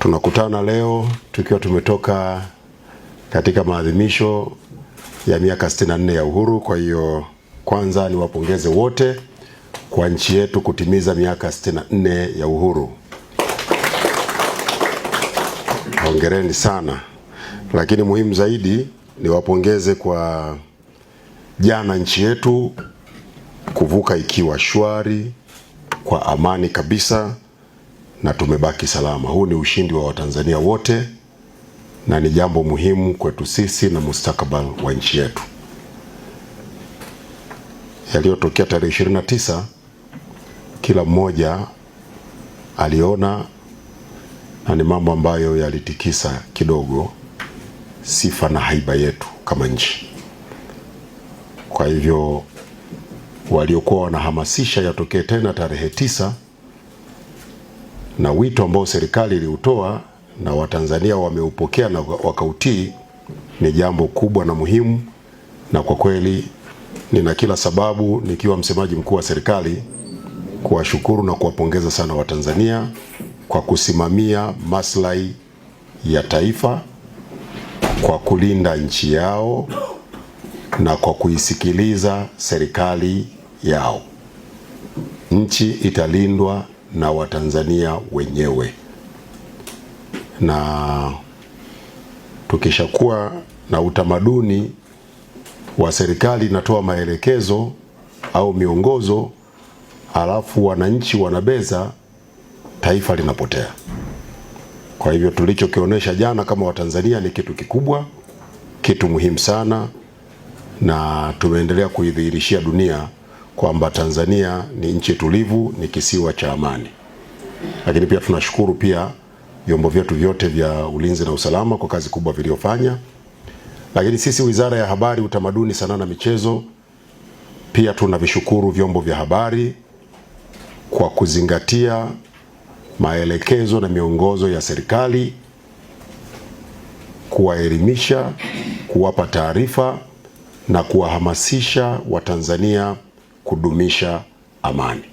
Tunakutana leo tukiwa tumetoka katika maadhimisho ya miaka 64 ya uhuru. Kwa hiyo kwanza niwapongeze wote kwa nchi yetu kutimiza miaka 64 ya uhuru, hongereni sana. Lakini muhimu zaidi niwapongeze kwa jana nchi yetu kuvuka ikiwa shwari kwa amani kabisa na tumebaki salama. Huu ni ushindi wa Watanzania wote na ni jambo muhimu kwetu sisi na mustakabali wa nchi yetu. Yaliyotokea tarehe 29, kila mmoja aliona na ni mambo ambayo yalitikisa kidogo sifa na haiba yetu kama nchi. Kwa hivyo waliokuwa wanahamasisha yatokee tena tarehe tisa na wito ambao serikali iliutoa na Watanzania wameupokea na wakautii ni jambo kubwa na muhimu, na kwa kweli nina kila sababu nikiwa msemaji mkuu wa serikali kuwashukuru na kuwapongeza sana Watanzania kwa kusimamia maslahi ya taifa, kwa kulinda nchi yao na kwa kuisikiliza serikali yao. Nchi italindwa na Watanzania wenyewe, na tukishakuwa na utamaduni wa serikali inatoa maelekezo au miongozo, alafu wananchi wanabeza, taifa linapotea. Kwa hivyo tulichokionyesha jana kama Watanzania ni kitu kikubwa, kitu muhimu sana, na tumeendelea kuidhihirishia dunia kwamba Tanzania ni nchi tulivu, ni kisiwa cha amani. Lakini pia tunashukuru pia vyombo vyetu vyote vya ulinzi na usalama kwa kazi kubwa viliyofanya Lakini sisi Wizara ya Habari, Utamaduni, Sanaa na Michezo pia tunavishukuru vyombo vya habari kwa kuzingatia maelekezo na miongozo ya serikali, kuwaelimisha, kuwapa taarifa na kuwahamasisha Watanzania kudumisha amani.